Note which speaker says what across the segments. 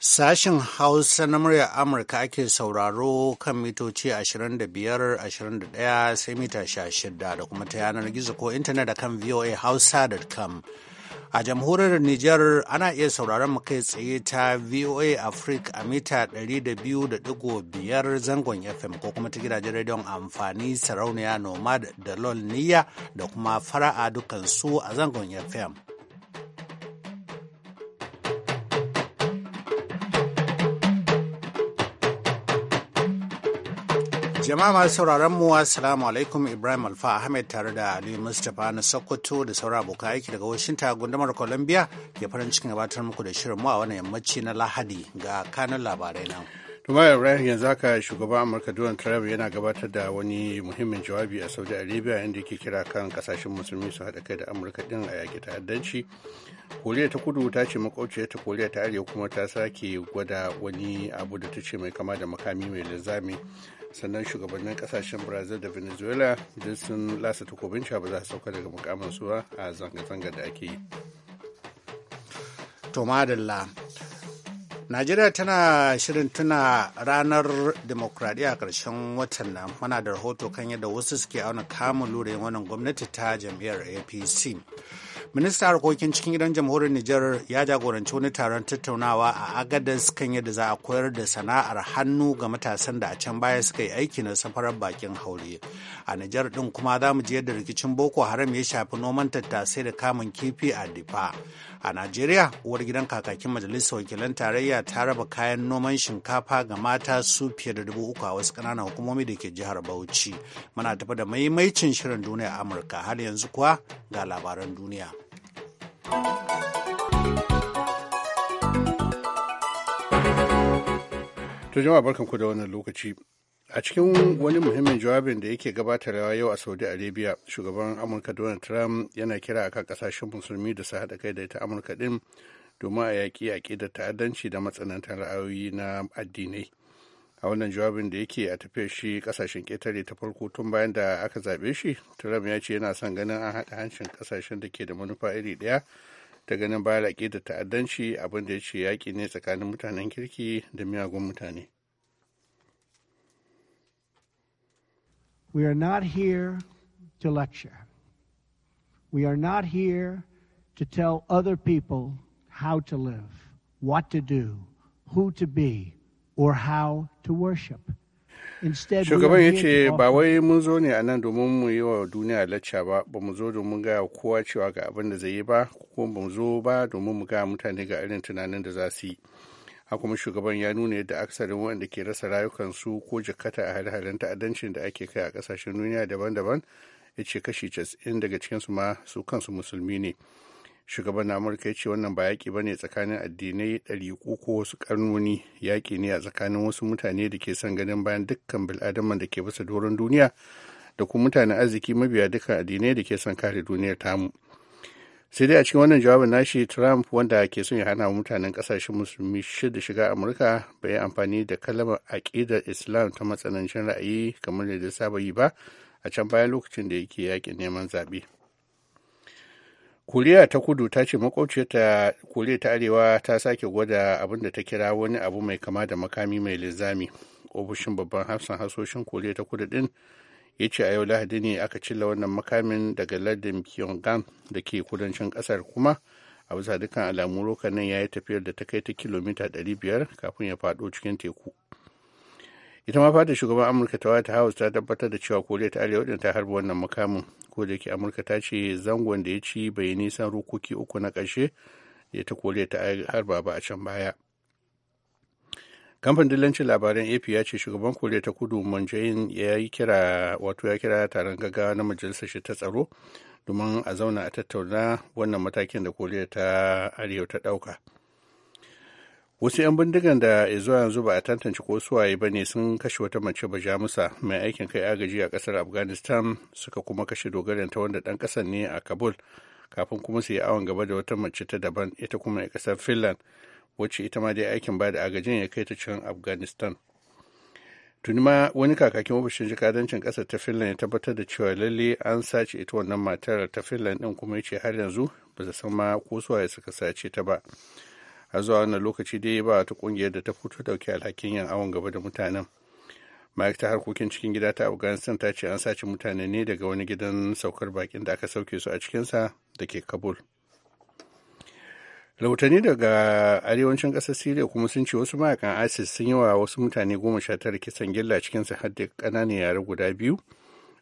Speaker 1: Sashen Hausa na murya Amurka ake sauraro kan mitoci 25-21 sai mita 16 da kuma ta yanar gizo ko intanet da kan voahausa.com. A jamhuriyar Nijar ana iya sauraron mu kai tsaye ta VOA Africa a mita 200.5 zangon FM ko kuma ta gidajen rediyon amfani sarauniya Nomad da Lol da kuma fara'a dukansu a zangon FM. Jama'a masu sauraron mu assalamu alaikum Ibrahim Alfa Ahmed tare da Ali Mustapha na Sokoto da sauran abokan aiki daga Washington gundumar Columbia ke farin cikin gabatar muku da shirin mu a wannan yammaci na Lahadi ga kanun labarai nan. Tuma Ibrahim yanzu haka shugaban Amurka Donald Trump yana gabatar da wani muhimmin jawabi a Saudi Arabia
Speaker 2: inda yake kira kan kasashen musulmi su haɗa kai da Amurka din a yaƙi ta'addanci. Koriya ta kudu ta ce makwauciya ta Koriya ta Arewa kuma ta sake gwada wani abu da ta ce mai kama da makami mai linzami sannan shugabannin kasashen brazil da venezuela duk sun lasa takobin cewa ba za su sauka daga mukamansu suwa a zanga-zanga da ake yi
Speaker 1: to najeriya tana shirin tuna ranar demokradiyya a ƙarshen watan nan muna da rahoto kan yadda wasu suke auna kamun lura wannan gwamnati ta jam'iyyar apc Ministan harkokin cikin gidan jamhuriyar Nijar ya jagoranci wani taron tattaunawa a Agadez kan yadda za a koyar da sana'ar hannu ga matasan da a can baya suka yi aiki na safarar bakin haure. A Nijar din kuma za mu ji yadda rikicin Boko Haram ya shafi noman tattasai da kamun kifi a Difa. A Najeriya, uwar gidan kakakin majalisar wakilan tarayya ta raba kayan noman shinkafa ga mata su fiye da dubu uku a wasu ƙananan hukumomi da ke jihar Bauchi. Muna tafi da maimaicin shirin duniya Amurka har yanzu kuwa ga labaran duniya. To
Speaker 2: jama'a barkanku da wannan lokaci. A cikin wani muhimmin jawabin da yake gabatarwa yau a Saudi Arabia, shugaban Amurka Donald Trump yana kira a kan ƙasashen musulmi da su haɗa kai da ita Amurka ɗin domin a yaƙi yaƙi da ta'addanci da matsanantar ra'ayoyi na addinai. a wannan jawabin da yake a tafiyar shi kasashen ƙetare ta farko tun bayan da aka zaɓe shi trump ya ce yana son ganin an haɗa hancin kasashen da ke da manufa iri ɗaya ta ganin baya laƙe da ta'addanci abin da ya ce yaƙi ne tsakanin mutanen kirki da miyagun mutane
Speaker 1: We are not here to lecture. We are not here to tell other people how to live, what to do, who to be, or how to worship. Shugaban ya ce ba
Speaker 2: wai mun zo ne a nan domin mu yi wa duniya lacca ba, ba mu zo domin gaya kowa cewa ga abin da zai yi ba, ko ba mu zo ba domin mu gaya mutane ga irin tunanin da za su yi. kuma shugaban ya nuna yadda aksarin waɗanda ke rasa rayukansu ko jikata a hare-haren ta'addancin da ake kai a ƙasashen duniya daban-daban, ya ce kashi 90 daga cikinsu ma su kansu musulmi ne. shugaban amurka ya ce wannan ba yaƙi ba ne tsakanin addinai ɗari ko wasu ƙarnoni yaƙi ne a tsakanin wasu mutane da ke son ganin bayan dukkan bil'adaman da ke bisa doron duniya da kuma mutanen arziki mabiya dukkan addinai da ke son kare duniyar tamu sai dai a cikin wannan jawabin nashi trump wanda ke son ya hana mutanen kasashen musulmi shida shiga amurka bai yi amfani da kalmar aƙidar islam ta matsanancin ra'ayi kamar da saba yi ba a can bayan lokacin da yake yaƙin neman zaɓe koriya ta kudu ta ce makwabciyarta koriya ta arewa ta sake gwada abin da ta kira wani abu mai kama da makami mai linzami ofishin babban hafsan hasoshin koriya ta kudu din ya ce a yau lahadi ne aka cilla wannan makamin daga lardin pyongyang da ke kudancin kasar kuma a bisa dukkan alamu nan ya yi tafiyar da ta kai ta kilomita 500 kafin ya faɗo cikin teku ita ma fatan shugaban amurka ta white house ta tabbatar da cewa koriya ta arewa din ta harba wannan mukamin ko da yake amurka ta ce zangon da ya ci bai nisan rukuki uku na ƙarshe da ta koriya ta harba ba a can baya kamfanin dillancin labaran ap ya ce shugaban koriya ta kudu moon ya yi kira wato ya kira taron gaggawa na majalisar shi ta tsaro domin a zauna a tattauna wannan matakin da koriya ta arewa ta ɗauka. wasu 'yan bindigan da zuwa yanzu ba a tantance ko suwaye ba ne sun kashe wata mace ba jamusa mai aikin kai agaji a kasar afghanistan suka kuma kashe dogaran ta wanda dan kasan ne a kabul kafin kuma su yi awon gaba da wata mace ta daban ita kuma a kasar finland wacce ita ma dai aikin ba da agajin ya kai ta cikin afghanistan tuni ma wani kakakin ofishin jikadancin kasar ta finland ya tabbatar da cewa lalle an sace ita wannan matar ta finland din kuma ya ce har yanzu ba su san ma ko suwaye suka sace ta ba a zuwa wannan lokaci dai ba wata kungiyar da ta fito dauke alhakin yin awon gaba da mutanen ma'aikatar harkokin cikin gida ta afghanistan ta ce an sace mutane ne daga wani gidan saukar bakin da aka sauke su a cikinsa da ke kabul rahotanni daga arewacin ƙasar syria kuma sun ce wasu mayakan isis sun yi wa wasu mutane goma sha tara kisan gilla cikinsa har da ƙananan yare guda biyu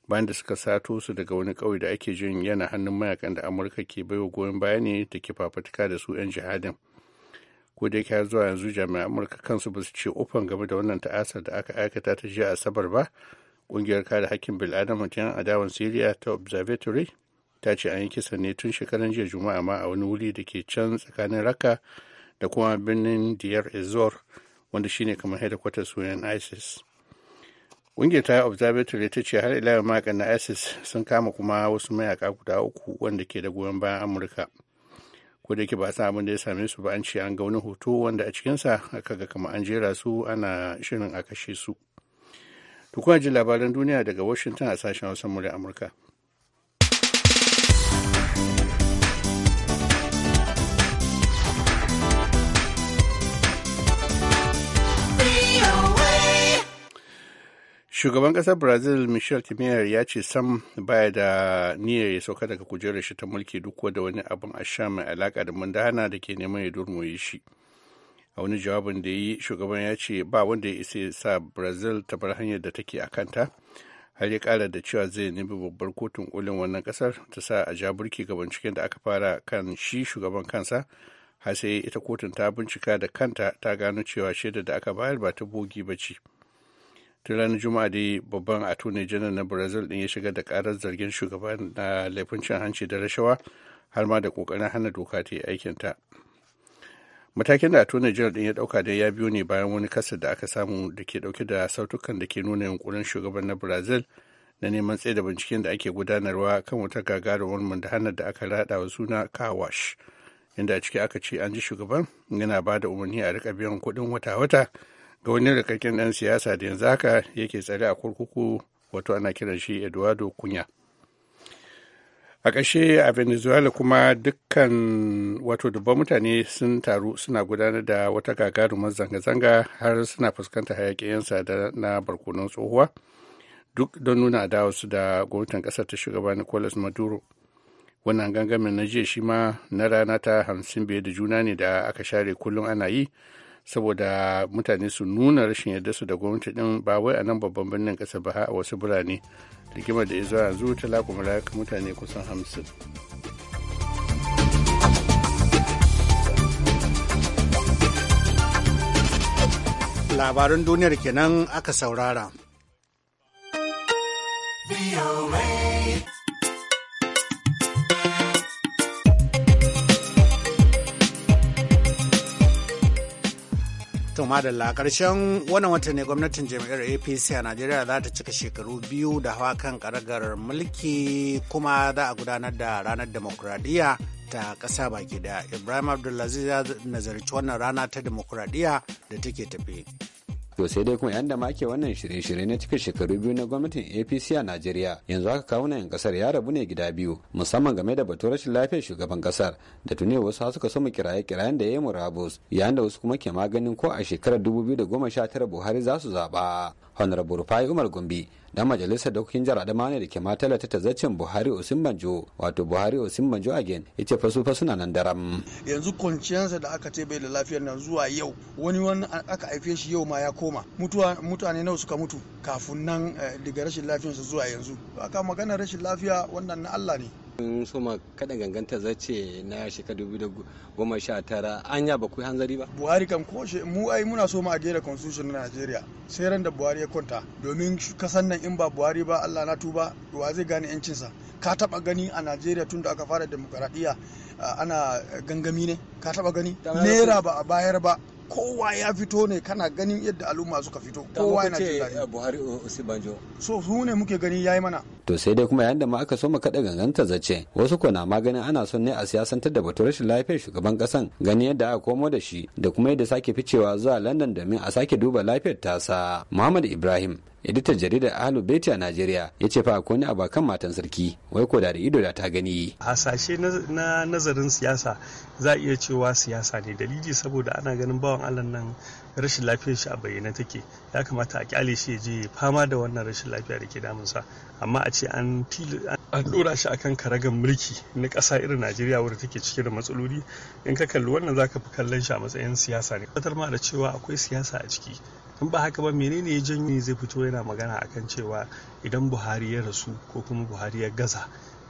Speaker 2: bayan da suka sato su daga wani kauye da ake jin yana hannun mayakan da amurka ke baiwa goyon baya ne da ke fafatuka da su 'yan jihadin ko da yake zuwa yanzu jami'an amurka kansu ba su ce ofan game da wannan ta'asar da aka aikata ta jiya asabar ba ƙungiyar kare hakkin bil'adama ta yan adawan siriya ta observatory ta ce an yi kisa ne tun shekaran jiya juma'a ma a wani wuri da ke can tsakanin raka da kuma birnin diyar ezor wanda shine kamar hedikwatar sunan isis ƙungiyar ta observatory ta ce har ila yau na isis sun kama kuma wasu mayaka guda uku wanda ke da goyon bayan amurka ko da yake ba sa abin da ya same su ba an ce an ga wani hoto wanda a cikinsa aka ga kamar an jera su ana shirin a kashe su. Tukuna ji labaran duniya daga Washington a sashen Hausa Murya Amurka. shugaban ƙasar brazil michel temer ya ce sam baya da niyyar ya sauka daga kujerar shi ta mulki duk da wani abin a sha mai alaka da mundana da ke neman ya durmoyi shi a wani jawabin da yi shugaban ya ce ba wanda ya isa sa brazil ta bar hanyar da take a kanta har ya kara da cewa zai nemi babbar kotun kolin wannan kasar ta sa a ja burki ga binciken da aka fara kan shi shugaban kansa har sai ita kotun ta bincika da kanta ta gano cewa shaidar da aka bayar ba ta bogi ba ce tun ranar juma'a dai babban attorney janar na brazil din ya shiga da karar zargin shugaba na laifin cin hanci da rashawa har ma da kokarin hana doka ta yi aikinta matakin da attorney janar din ya dauka dai ya biyo ne bayan wani kasar da aka samu da ke dauke da sautukan da ke nuna yunkurin shugaban na brazil na neman tsaye da binciken da ake gudanarwa kan wata gagarumar mu da aka rada wa suna kawash inda a ciki aka ce an ji shugaban yana ba da umarni a rika biyan kuɗin wata-wata ga wani rikakken ɗan siyasa da yanzu haka yake tsare a kurkuku wato ana kiran shi eduardo kunya a ƙashe a venezuela kuma dukkan wato dubban mutane sun taru suna gudanar da wata gagarumar zanga-zanga har suna fuskantar hayaƙin 'yan sada na barkonon tsohuwa duk don nuna adawarsu da gwamnatin ƙasar ta shugaba nicolas maduro wannan gangamin na jiya shi ma na rana ta hamsin biyar da juna ne da aka share kullum ana yi saboda mutane su nuna rashin yarda su da gwamnati din ba wai a nan babban birnin kasa ba a wasu birane rigimar da ya zuwa yanzu ta lakumura mutane kusan hamsin.
Speaker 1: labaran duniyar kenan aka saurara. To madalla karshen wannan wata ne gwamnatin jami'ar APC a Najeriya za ta cika shekaru biyu da hawa kan karagar mulki kuma za a gudanar da ranar demokuraɗiyya ta ƙasa baki da Ibrahim Abdulaziz ya nazarci wannan rana ta demokuraɗiyya da take tafe.
Speaker 3: To sai dai kuma yan da make wannan shirye-shirye na cika shekaru biyu na gwamnatin APC a Najeriya yanzu haka kawunan yan kasar ya rabu ne gida biyu musamman game da batun rashin lafiyar shugaban kasar da tuni wasu suka mu kiraye-kirayen da ya yi murabus yayin da wasu kuma ke maganin ko a shekarar goma sha 2019 Buhari za su zaɓa. honorable rufai umar gombe dan majalisar dokokin jihar adama ne da ke talata ta zaccen buhari osin banjo wato buhari osin banjo again ya ce fasu fasu na nan daram
Speaker 1: yanzu kwanciyarsa
Speaker 4: da aka tebe da lafiyar nan zuwa yau wani wani aka haife shi yau ma ya koma mutane nawa suka mutu kafin nan eh, daga rashin lafiyarsa zuwa yanzu aka magana rashin lafiya wannan
Speaker 3: na allah ne mun soma kada ganganta zace na shekara dubu da goma sha tara an ya bakwai hanzari ba
Speaker 4: buhari kam ko mu ai muna so ma a gera constitution na
Speaker 3: najeriya sai ran da
Speaker 4: buhari ya kwanta domin kasan nan in ba buhari ba allah na tuba wa zai gane yancinsa ka taba gani a najeriya tun da aka fara demokaradiyya ana gangami ne ka taba gani naira ba a bayar ba kowa ya fito ne kana ganin yadda al'umma suka fito kowa yana jin daɗi
Speaker 3: eh, Buhari eh, Osibanjo so su ne muke gani yayi mana to sai dai kuma yayin da ma aka so mu kada ganganta zace wasu ko na maganin ana son ne a siyasantar da batun rashin lafiyar shugaban kasan gani yadda aka komo da shi da kuma yadda sake ficewa zuwa London domin a sake duba lafiyar tasa Muhammad Ibrahim editan jaridar ahlu beti a najeriya ya ce fa akwai abu kan matan sarki wai ko da da ido da ta gani
Speaker 5: hasashe na nazarin siyasa za a iya cewa siyasa ne dalili saboda ana ganin bawan allah nan rashin lafiyar shi a bayyane take ya kamata a kyale shi ya je fama da wannan rashin lafiya da ke damunsa amma a ce an dora shi akan karagan mulki na ƙasa irin najeriya wadda take cike da matsaloli in ka kalli wannan zaka fi kallon shi a matsayin siyasa ne fatar ma da cewa akwai siyasa a ciki in ba haka ba menene ya janyo ne zai fito yana magana akan cewa idan buhari ya rasu ko kuma buhari ya gaza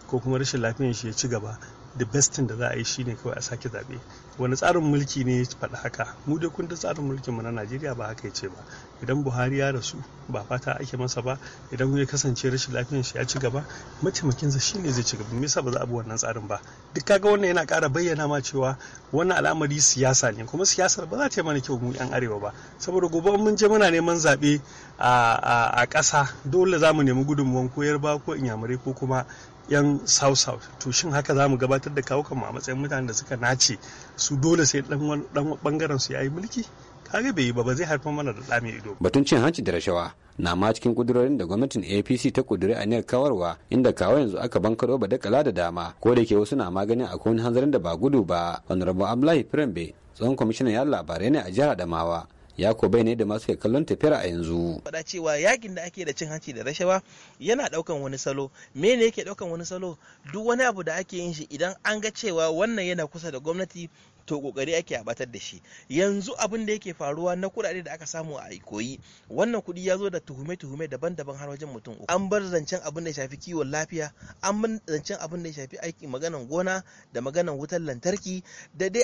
Speaker 5: ko kuma rashin lafiyar shi ya ci gaba the best thing da za a yi shine kawai a sake zabe wani tsarin mulki ne ya faɗi haka mu dai kun tsarin mulkin mu na Najeriya ba haka ce ba idan Buhari ya rasu ba fata ake masa ba idan ya kasance rashin lafiyar shi ya ci gaba mataimakin sa shine zai ci gaba me yasa ba za a bi wannan tsarin ba duk kaga wannan yana kara bayyana ma cewa wannan al'amari siyasa ne kuma siyasar ba za ta yi mana kyau mu yan arewa ba saboda gobe mun je muna neman zaɓe a ƙasa dole za mu nemi gudunmuwan koyar ba ko inyamurai ko kuma yan south south to shin haka za mu gabatar da kawo kanmu a matsayin mutanen da suka nace su dole sai dan bangaren su yi mulki kaga bai yi ba ba zai haifar mana da dame ido
Speaker 3: batun cin hanci da rashawa na ma cikin kudurorin da gwamnatin apc ta kuduri niyar kawarwa inda kawo yanzu aka bankaro ba dakala da dama ko da ke wasu na maganin akwai wani hanzarin da ba gudu ba honorable abdullahi firambe tsohon kwamishinan yan labarai ne a jihar adamawa ya bai ne da masu ke kallon tafiyar a yanzu.
Speaker 6: Faɗa cewa yakin da ake da cin hanci da rashawa yana ɗaukan wani salo me ne yake ɗaukan wani salo duk wani abu da ake yin shi idan an ga cewa wannan yana kusa da gwamnati to kokari ake abatar da shi yanzu abin da yake faruwa na kuɗaɗe da aka samu a ikoyi wannan kuɗi ya zo da tuhume-tuhume daban-daban har wajen mutum uku an bar zancen abin da ya shafi kiwon lafiya an bar zancen abin da ya shafi aikin maganan gona da maganan wutar lantarki da dai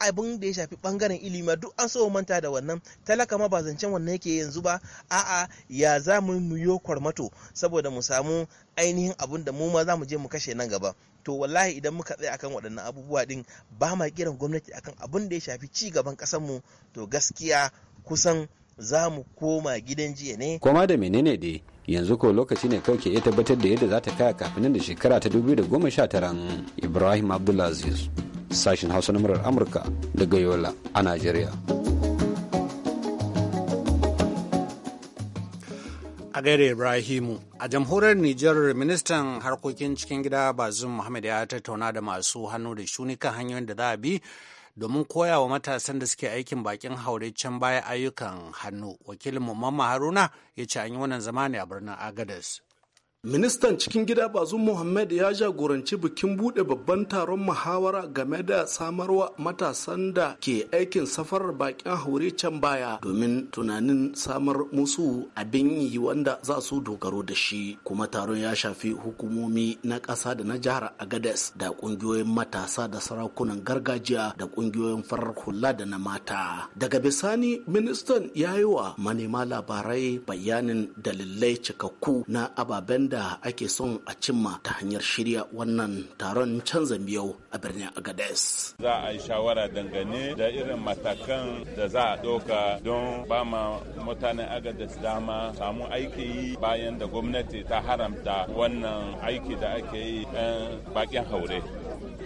Speaker 6: abin da ya shafi bangaren ilimi duk an so manta da wannan talaka ma ba zancen wannan yake yanzu ba a'a ya za mu miyo kwarmato saboda mu samu ainihin abin da mu ma za mu je mu kashe nan gaba to wallahi idan muka tsaya akan waɗannan abubuwa din ba ma kiran gwamnati akan abin da ya shafi ci gaban mu to gaskiya kusan za mu koma gidan jiya ne
Speaker 3: koma da menene dai yanzu ko lokaci ne kawai ke iya tabbatar da yadda za ta kaya kafin da shekara ta 2019 ibrahim abdulaziz sashen hausa na murar amurka daga yola a najeriya
Speaker 1: a gaida ibrahimu a jamhuriyar nijar ministan harkokin cikin gida bazum muhammad ya tattauna da masu hannu da shuni kan hanyoyin da za a bi domin koya wa matasan da suke aikin bakin haure can baya ayyukan hannu wakilin mamman haruna ya ce an yi wannan zama ne a birnin agadas
Speaker 6: Ministan cikin gida bazu Muhammad ya jagoranci bikin buɗe babban taron muhawara game da samarwa matasan da ke aikin safar bakin haure can baya domin tunanin samar musu abin yi wanda za su dogaro da shi. Kuma taron ya shafi hukumomi na ƙasa da na jihar Agades da ƙungiyoyin matasa da sarakunan gargajiya da ƙungiyoyin farar hula da na mata. Daga bisani ministan ya yi wa manema labarai bayanin dalilai cikakku na ababen da ake son a cimma ta hanyar shirya wannan taron canza miyau a birnin Agades.
Speaker 5: Za a yi shawara dangane da irin matakan da za a ɗauka don ba ma mutanen Agades dama samu aiki yi bayan da gwamnati ta haramta wannan aiki da ake yi 'yan bakin haure.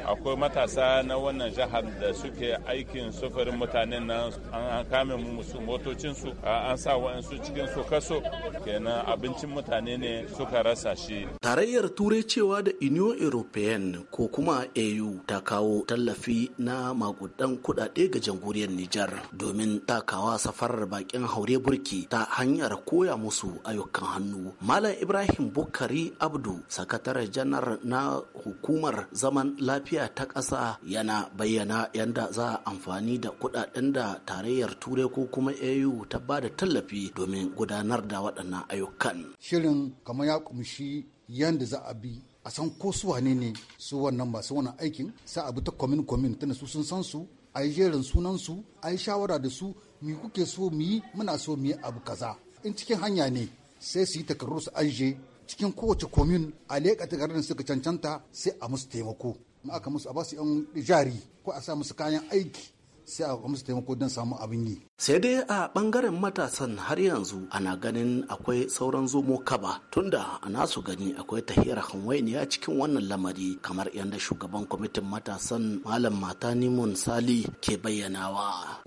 Speaker 5: akwai matasa na wannan jihar da suke aikin sufurin mutanen nan an kame musu motocinsu an sa wa'ansu cikin su kaso kenan abincin mutane ne suka rasa shi tarayyar turai cewa da
Speaker 6: union european ko kuma au ta kawo tallafi na magudan kudade ga jamhuriyar nijar domin ta takawa safarar bakin haure burki ta hanyar koya musu ayyukan hannu malam ibrahim bukari abdu sakataren janar na hukumar zaman lafiya tafiya ta ƙasa yana bayyana yadda za a amfani da kuɗaɗen da tarayyar turai ko kuma au ta ba da tallafi domin gudanar da waɗannan ayyukan
Speaker 1: shirin kamar ya kumshi yadda za a bi a san ko su wane ne su wannan masu wannan aikin sa abu ta komin komin tana su sun san su a yi jerin sunan a yi shawara da su mi kuke so mu yi muna so mu yi abu kaza in cikin hanya ne sai su yi takarru su aje cikin kowace komin a leƙa garin suka cancanta sai a musu taimako in aka musu a ba su yan jari ko a sa musu kayan aiki sai a musu taimako don samu abin yi.
Speaker 6: Sai dai a ɓangaren matasan har yanzu ana ganin akwai sauran zomo kaba tunda a nasu gani akwai tahira hanwainiya cikin wannan lamari kamar yadda shugaban kwamitin matasan malam mata nimon sali ke
Speaker 1: bayyanawa.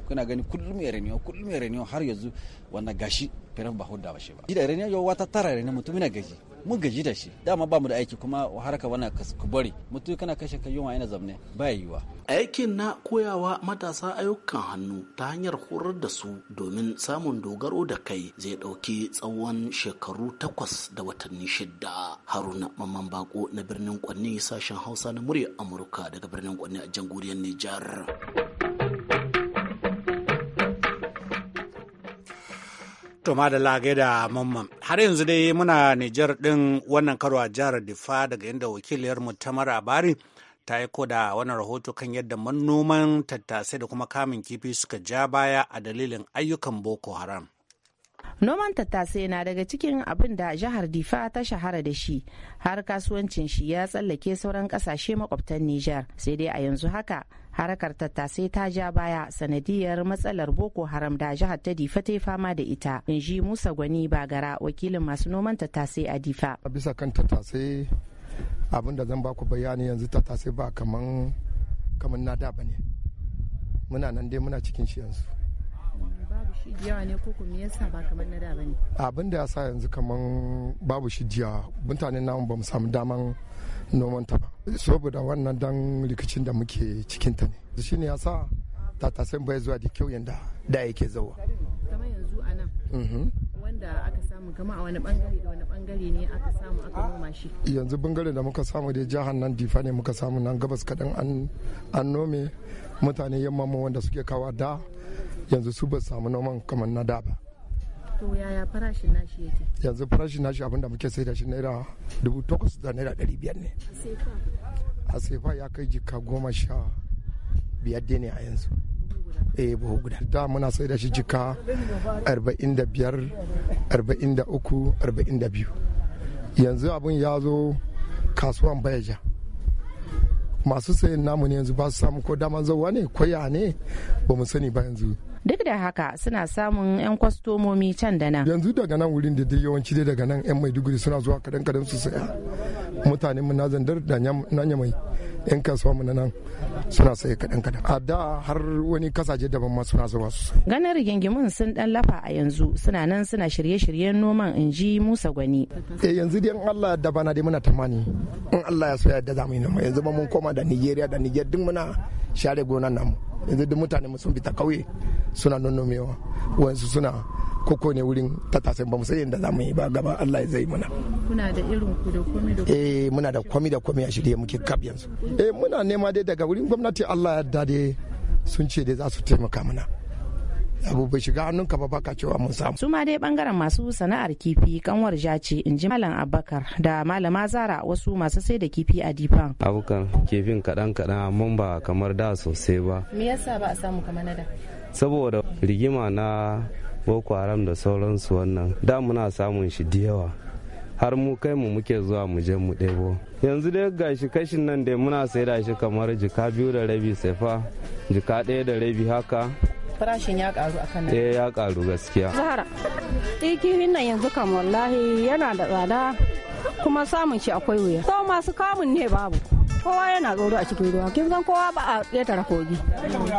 Speaker 1: Kuna gani kullum ya kullum ya har yanzu wannan gashi firan ba hudda ba shi ba da irin yau wata tara irin mutum gaji mu gaji da shi dama ba mu da aiki kuma haraka wannan
Speaker 6: ku bari mutum kana kashe ka yunwa yana zamne ba yiwa aikin na koyawa matasa ayyukan hannu ta hanyar horar da su domin samun dogaro da kai zai ɗauki tsawon shekaru takwas da watanni shida haruna mamman bako na birnin kwanne sashen hausa na murya amurka daga birnin kwanne a jamhuriyar nijar
Speaker 1: To ma da mamman. Har yanzu dai muna Nijar ɗin wannan karo a jihar Difa daga inda wakiliyar mu Tamar Abari ta aiko da wannan rahoto kan yadda manoman tattasai da kuma kamun kifi suka ja baya a dalilin ayyukan Boko Haram.
Speaker 7: Noman tattasai na daga cikin abin da jihar Difa ta shahara da shi, har kasuwancin shi ya tsallake sauran kasashe makwabtan Nijar, sai dai a yanzu haka harakar tattasai ta ja baya sanadiyar matsalar boko haram da jihar ta difa ta fama da ita in ji musa gwani
Speaker 8: bagara wakilin masu noman tattasai a difa a bisa kan tattasai abin da zan baku bayani yanzu tattasai ba kaman na da ba ne muna nan dai muna cikin shi yanzu
Speaker 7: shi ne ko kuma yasa ba kamar na da bane
Speaker 8: abin da yasa yanzu kamar babu shi jiya mutanen namu ba mu samu daman noman ta ba saboda wannan dan rikicin da muke cikin ta ne shi shine yasa tatasan bai zuwa da kyau yanda da yake zauwa
Speaker 7: kamar yanzu anan mhm. wanda aka samu kama a wani bangare da wani bangare ne aka samu aka noma shi
Speaker 8: yanzu bangare da muka samu dai jihar nan difa ne muka samu nan gabas kadan an nome mutane yamma wanda suke kawa da yanzu su ba samu noman kamar na da ba
Speaker 7: to yaya farashin
Speaker 8: nashi yake yanzu farashin nashi da muke sai da shi naira dubu takwas da naira ɗari biyar ne a sefa ya kai jika goma sha biyar da ne a yanzu eh buhu guda da muna sai da shi jika arba'in da biyar arba'in da uku arba'in da biyu yanzu abin ya zo kasuwan bayaja masu sayan namu ne yanzu ba su samu ko daman zauwa ne ko ya ne ba mu sani ba yanzu
Speaker 7: duk da haka suna samun 'yan kwastomomi can da nan
Speaker 8: yanzu daga nan wurin da dai yawanci dai daga nan 'yan maiduguri suna zuwa kadan kadan su saya Mutane mu na zandar da nanyamai yan kasuwa mu na nan suna saye kaɗan kaɗan a da har wani kasaje daban ma suna zuwa sosai
Speaker 7: ganin rigingimin sun dan lafa a yanzu suna nan suna shirye-shiryen
Speaker 8: noman in ji musa gwani eh yanzu dai Allah da bana dai muna tamani in Allah ya so ya da zamu yi noma yanzu ba mun koma da Nigeria da Niger duk muna share gonan namu yanzu duk mutane sun bi ta kauye suna nonnomewa wayansu suna koko ne wurin tattasai ba mu sai yadda za yi ba gaba Allah ya zai muna
Speaker 7: kuna da irin ku da komai da eh
Speaker 8: muna da komai da komai a shirye muke kab yanzu eh muna nema dai daga wurin gwamnati Allah ya yarda dai sun ce dai za su taimaka mana abu bai shiga hannunka ba baka cewa mun samu.
Speaker 7: su dai bangaren masu sana'ar kifi kanwar jaci in ji malam abakar da malama zara wasu masu sai da kifi a Dipan.
Speaker 3: abukan kifin kaɗan kaɗan amma ba kamar da sosai ba.
Speaker 7: me yasa ba a samu kamar na da.
Speaker 3: saboda rigima na boko haram da sauransu wannan da muna samun shi da yawa har mu kai mu muke zuwa mu je mu ɗebo yanzu dai gashi kashin nan dai muna sai da shi kamar jika biyu da rabi sai fa jika ɗaya da rabi haka
Speaker 7: farashin ya karu akan nan
Speaker 3: eh ya karu gaskiya
Speaker 7: zahara kiwin nan yanzu kam wallahi yana da tsada kuma samun shi akwai wuya sau masu kamun ne babu kowa yana tsoro a cikin ruwa kin san kowa ba a ƙetare kogi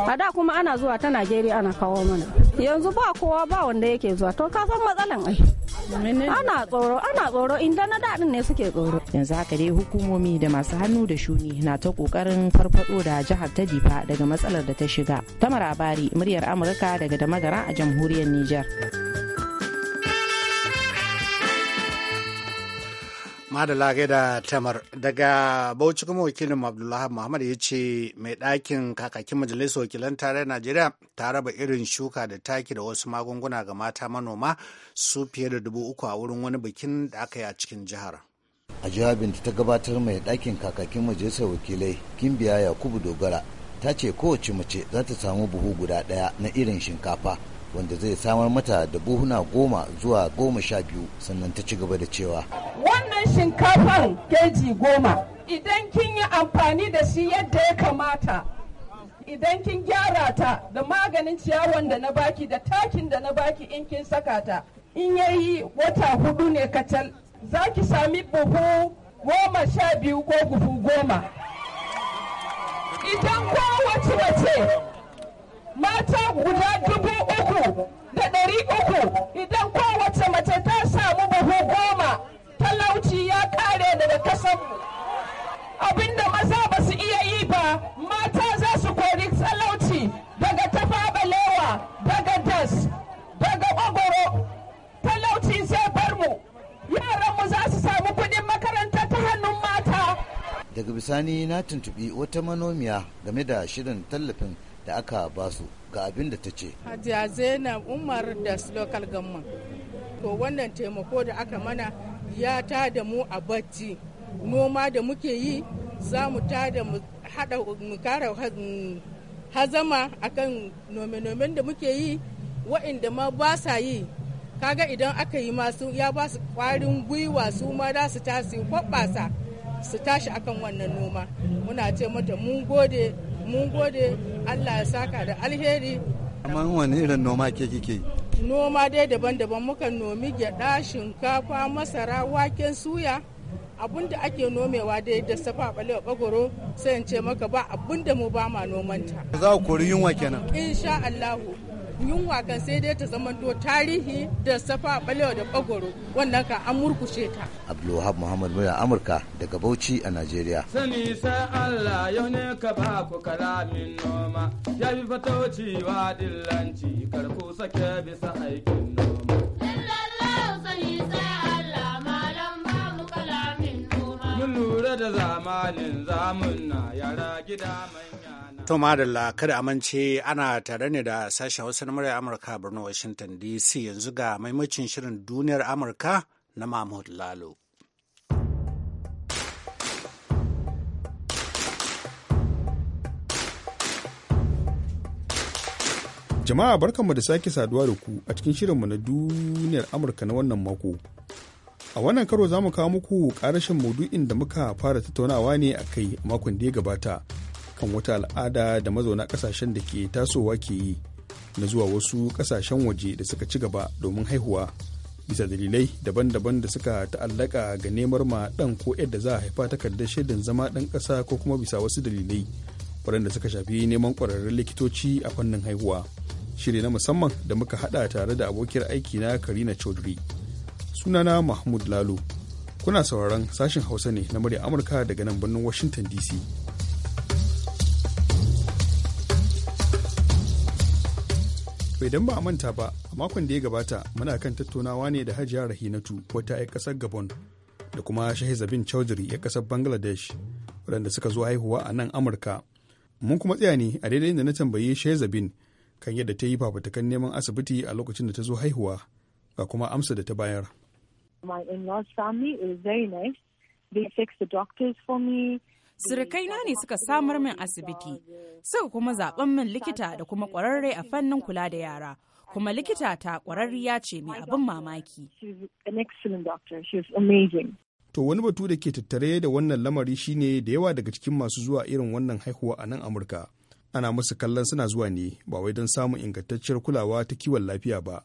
Speaker 7: a da kuma ana zuwa ta najeriya ana kawo mana yanzu ba kowa ba wanda yake zuwa to ka san matsalan ai ana tsoro ana tsoro inda na daɗin ne suke tsoro yanzu haka dai hukumomi da masu hannu da shuni na ta kokarin farfado da jihar ta difa daga matsalar da ta shiga tamara marabari muryar amurka daga damagara a jamhuriyar niger
Speaker 1: madala gaida tamar daga bauchi kuma wakilin abdullahi muhammad ya ce mai ɗakin kakakin majalisar wakilan tarayyar najeriya ta raba irin shuka da taki da wasu magunguna ga mata manoma su fiye da dubu uku a wurin wani bikin da aka yi a cikin jihar
Speaker 6: a jawabin ta gabatar mai ɗakin kakakin majalisar wakilai kimbiya yakubu dogara ta ce kowace mace za ta samu buhu guda ɗaya na irin shinkafa wanda zai samar mata da buhuna goma zuwa goma sha biyu sannan ta ci gaba da cewa
Speaker 7: wannan shinkafan keji goma idan kin yi amfani da shi yadda ya kamata idan kin gyara ta da maganin ciyawan da na baki da takin da na baki in kin saka ta in yayi
Speaker 8: wata hudu ne kacal za ki sami buhu goma sha biyu ko buhu goma idan kowace mace mata guda dubu uku da ɗari uku idan kowace mace ta samu buhu goma talauci ya kare daga kasanmu abinda maza ba su iya yi ba mata za su kori talauci daga tafabalewa daga das daga bagoro talauci
Speaker 7: zai bar mu yaranmu za su samu kuɗin makaranta ta hannun mata
Speaker 6: daga bisani na tuntubi wata manomiya game da shirin tallafin da aka ba su ga abin da ta ce.
Speaker 7: Hajiya Zainab Umar da lokal gamman. To wannan taimako da aka mana ya ta da mu a bacci. Noma da muke yi za mu ta da mu haɗa mu kara hazama akan nome-nomen da muke yi wa'inda ma ba sa yi kaga idan aka yi masu ya ba su kwarin gwiwa su ma da su tasi hoɓɓasa su tashi akan wannan noma muna ce mata mun gode mun gode Allah ya saka da alheri.
Speaker 3: Amma wani irin noma ke kike
Speaker 7: Noma dai daban-daban muka nomi gyaɗa, shinkafa, masara, waken suya. abun da ake nomewa dai da safa ɓalewa ɓagoro sai in ce maka ba abun da mu ba ma ta.
Speaker 6: Za ku kori yunwa kenan.
Speaker 7: Insha Allahu. yunwa kan sai dai ta zamanto tarihi da safa balewa da bagoro wannan kan an murkushe ta
Speaker 6: abdulwahab muhammad muna amurka daga bauchi a najeriya
Speaker 7: sani sai allah yau ne ka ba ku karamin noma ya fi fatauci
Speaker 3: wa dillanci kar ku sake bisa aikin noma Mun lura da zamanin
Speaker 4: zamun na yara gida mai
Speaker 1: To madalla kada amince ana tare ne da sashen Hausa na murya Amurka birnin Washington DC yanzu ga maimacin shirin duniyar Amurka na Mahmud Lalo.
Speaker 4: Jama'a barkanmu da sake saduwa da ku a cikin shirinmu na duniyar Amurka na wannan mako. A wannan karo za mu kawo muku karashin maudu'in da muka fara tattaunawa ne a kai makon da ya gabata kan wata al'ada da mazauna kasashen da ke tasowa ke yi na zuwa wasu kasashen waje da suka ci gaba domin haihuwa bisa dalilai daban-daban da suka ta'allaka ga nemar ma ɗan ko yadda za a haifa takardar shaidan zama ɗan ƙasa ko kuma bisa wasu dalilai waɗanda suka shafi neman ƙwararrun likitoci a fannin haihuwa shiri na musamman da muka haɗa tare da abokiyar aiki na karina chaudhry sunana mahmud lalo kuna sauraron sashen hausa ne na murya amurka daga nan birnin washington dc don ba a manta ba a makon da ya gabata muna kan tattaunawa ne da hajiya rahinatu wata 'yan ƙasar gabon da kuma shahiza bin chaudhry 'yan kasar bangladesh waɗanda suka zo haihuwa a nan amurka mun kuma tsaya ne a daidai da na tambaye shahiza kan yadda ta yi fafutukan neman asibiti a lokacin da ta zo haihuwa ga kuma amsa da ta bayar.
Speaker 9: My in-laws
Speaker 7: Surukaina ne suka samar min asibiti, suka kuma zaɓen min likita da kuma ƙwararre a fannin kula da yara. Kuma likita ta ƙwararriya ce mai abin mamaki.
Speaker 4: To wani batu da ke tattare da wannan lamari shine da yawa daga cikin masu zuwa irin wannan haihuwa a nan Amurka. Ana musu kallon suna zuwa ne ba wai don samun ingantacciyar kulawa ta kiwon lafiya ba.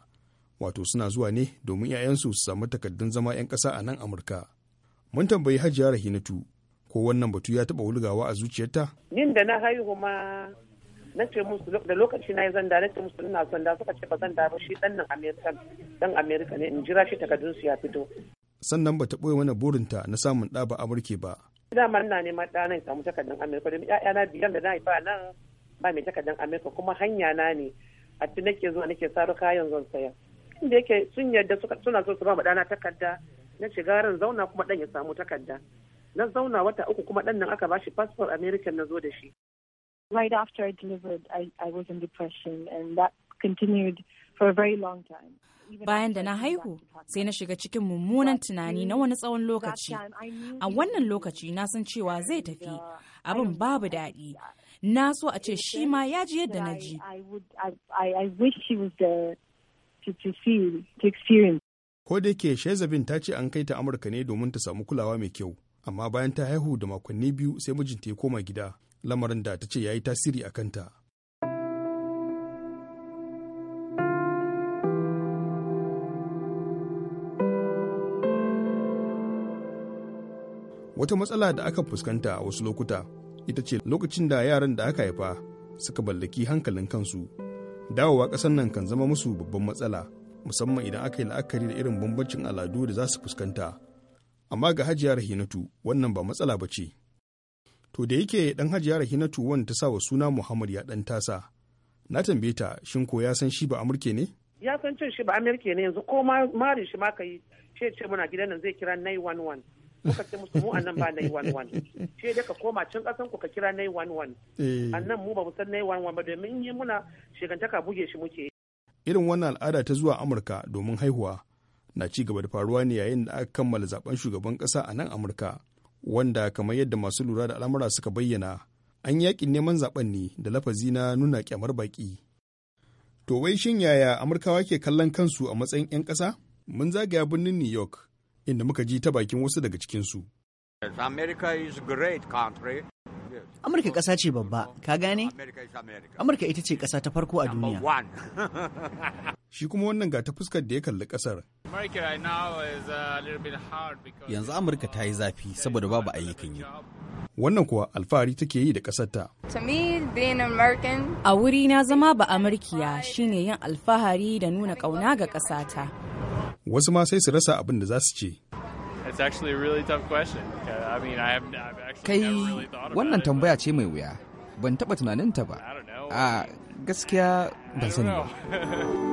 Speaker 4: Wato suna zuwa ne domin 'ya'yansu su samu takaddun zama 'yan ƙasa a nan Amurka. Mun tambayi Hajiya Rahinatu ko wannan batu ya taba wulgawa a zuciyarta?
Speaker 9: Yin da na haihu ma na ce musu da lokaci na yi zanda na ce musu ina zanda suka ce ba zanda ba shi dan nan Amerika dan Amerika ne in jira shi takardun su ya fito.
Speaker 4: Sannan bata boye ɓoye mana burinta na samun ɗa ba Amurke ba.
Speaker 9: Dama ina neman ɗa na samu takardun Amerika domin na biyar da na haifa nan ba mai takardun Amerika kuma hanya na ne a ti nake zuwa nake saro kayan zan saya. Inda yake sun yarda suna so su ba ma ɗana takarda na shiga ran zauna kuma ɗan ya samu takarda. na zauna wata uku kuma ɗan nan aka bashi passport american na zo da shi right after i delivered I, i was in depression and that continued for a very long time
Speaker 7: bayan da na haihu sai na shiga cikin mummunan tunani na wani tsawon lokaci a wannan lokaci na san cewa zai tafi abin babu daɗi na so a ce shi ma ya ji yadda na ji
Speaker 9: ko da ke
Speaker 4: shezabin ta ce an kai ta amurka ne domin ta samu kulawa mai kyau amma bayan ta haihu da makonni biyu sai mijinta ya koma gida lamarin da ta ce ya yi tasiri a kanta. Wata matsala da aka fuskanta a wasu lokuta ita ce lokacin da yaran da aka haifa suka ballaki hankalin kansu. Dawowa ƙasar nan kan zama musu babban matsala, musamman idan aka yi la'akari da irin bambancin al'adu da za su fuskanta. amma ga hajiya rahinatu wannan ba matsala ba ce to da yake dan hajiya rahinatu wanda ta sa wa suna muhammad ya dan tasa na tambaye ta shin ko ya san shi ba amurke ne
Speaker 9: ya san cin shi ba amurke ne yanzu ko marin shi ma ka yi ce ce muna gidan nan zai kira 911 kuka ce musu mu a nan ba 911 ce da ka koma cin kasan ku ka kira 911 eh. Annan mu ba mu san 911 ba domin yi muna shigantaka buge shi muke
Speaker 4: irin wannan al'ada ta zuwa amurka domin haihuwa na ci gaba da faruwa ne yayin da aka kammala zaben shugaban ƙasa a nan Amurka, wanda kamar yadda masu lura da al'amura suka bayyana, an yakin neman zaben ne da lafazi na nuna kyamar baƙi. To wai shin yaya Amurkawa ke kallon kansu a matsayin 'yan ƙasa? Mun zagaya birnin New York, inda muka ji ta bakin wasu daga cikinsu. Amurka ƙasa ce babba, ka gane? Amurka ita ce ƙasa ta farko a duniya. Shi kuma wannan ga ta fuskar da ya kalli ƙasar, Yanzu Amurka ta yi zafi saboda babu ayyukan yi. Wannan kuwa alfahari take yi da ƙasarta.
Speaker 7: A wuri na zama ba Amurkiya shine yin alfahari da nuna ƙauna ga ƙasata.
Speaker 4: Wasu ma sai su rasa abin da za su ce.
Speaker 7: Kai
Speaker 3: wannan tambaya ce mai wuya. Ban taɓa tunaninta ba. A gaskiya ban sani
Speaker 9: ba.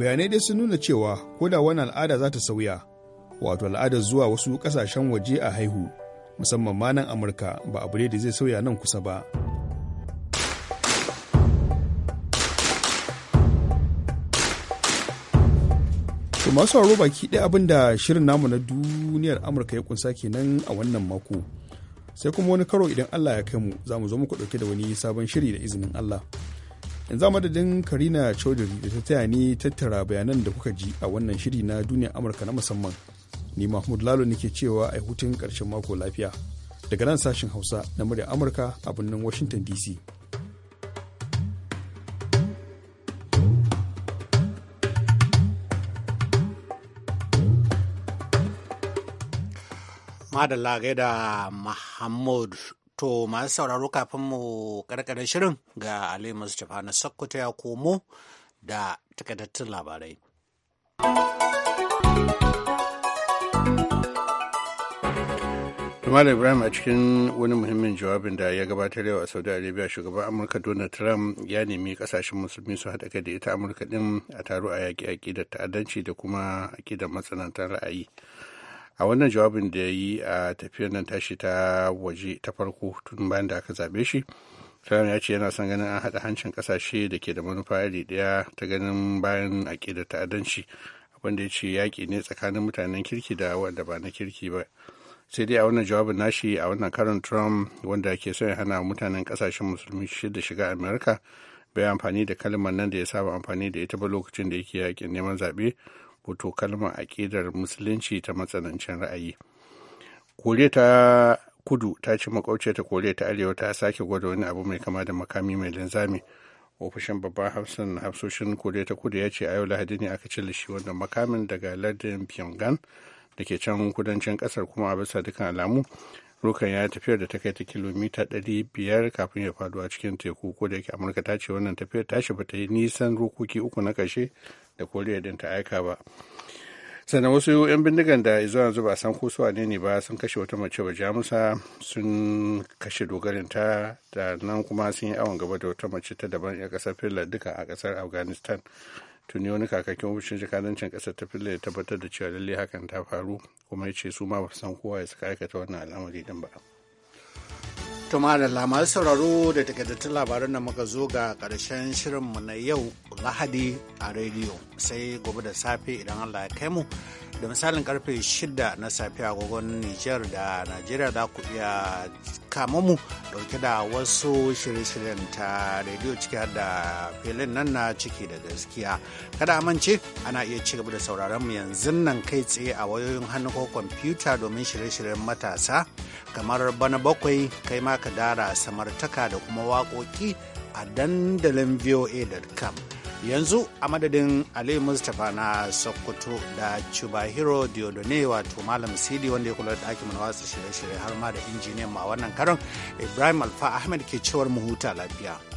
Speaker 4: bayanai dai sun nuna cewa ko da wani al'ada za ta sauya wato al'ada zuwa wasu kasashen waje a haihu musamman ma nan amurka ba abu ne da zai sauya nan kusa ba To masu sauraro baki ɗaya abin da shirin namu na duniyar Amurka ya kunsa kenan a wannan mako. Sai kuma wani karo idan Allah ya kai mu za mu zo muku ɗauke da wani sabon shiri da izinin Allah. yanzu a madadin karina chaudhary da ta taya ni tattara bayanan da kuka ji a wannan shiri na duniyar amurka na musamman ni mahmud lalo nake cewa a hutun karshen mako lafiya daga nan sashen hausa na murya amurka a birnin washington dc
Speaker 1: madalla gaida Mahmud To masu sauraro kafin mu karkarar shirin ga Alimus Jafa na Sokoto ya komo da takaitattun labarai.
Speaker 2: Jamal Ibrahim a cikin wani muhimmin jawabin da ya gabatar yau a Saudi Arabia shugaban Amurka Donald Trump ya nemi kasashen musulmi su haɗa kai da ita Amurka ɗin a taro a yaƙi yaƙi da ta'addanci da kuma aƙidar matsanantar ra'ayi. a wannan jawabin da ya yi a tafiyar nan tashi ta waje ta farko tun bayan da aka zaɓe shi trump ya ce yana son ganin an haɗa hancin ƙasashe da ke da manufa iri ɗaya ta ganin bayan aƙidar ta'addanci wanda ya ce yaƙi ne tsakanin mutanen kirki da wanda ba na kirki ba sai dai a wannan jawabin nashi a wannan karin trump wanda ke son hana mutanen ƙasashen musulmi da shiga amerika bai amfani da kalmar nan da ya saba amfani da ita ba lokacin da yake yaƙin neman zaɓe fito kalmar aƙidar musulunci ta matsanancin ra'ayi kore ta kudu ta ci makwauce ta kore ta arewa ta sake gwada wani abu mai kama da makami mai linzami ofishin babban hafsan hafsoshin kore ta kudu ya ce a yau lahadi ne aka cire shi wanda makamin daga lardin pyongyang da ke can kudancin kasar kuma a bisa dukkan alamu rukan ya tafiyar da ta kai ta kilomita 500 kafin ya a cikin teku ko da yake amurka ta ce wannan tafiyar tashi ba ta yi nisan rokoki uku na kashe da koriya din ta aika ba sannan wasu 'yan bindigan da izuwa yanzu ba san kusuwa ne ne ba sun kashe wata mace ba jamusa sun kashe dogarinta da nan kuma sun yi awon gaba da wata mace ta daban ya kasar finland duka a kasar afghanistan tuni wani kakakin ofishin jikadancin kasar ta finland ya tabbatar da cewa lallai hakan ta faru kuma ya ce su ma ba san kowa ya suka aikata wannan al'amari din ba.
Speaker 1: Tuma da masu sauraro da takaitattun labaran da muka zo ga ƙarshen shirinmu na yau Lahadi a rediyo sai gobe da safe idan Allah ya kai mu da misalin karfe 6 na safe agogon Nijar da Najeriya za ku iya kama mu dauke da wasu shirye-shiryen ta rediyo ciki da filin nan na ciki da gaskiya. Kada amince ana iya ci gaba da sauraron mu yanzu nan kai tsaye a wayoyin hannu ko kwamfuta domin shirye-shiryen matasa kamar bana bakwai kai ma ka dara samartaka da kuma waƙoƙi a dandalin voa.com. yanzu a madadin ali mustapha na sokoto da chubahiro diodone wato malam sidi wanda ya kula da ɗakin na wasu shirye-shirye har ma da injiniyan ma wannan karon ibrahim alfa ahmed ke cewar mu huta lafiya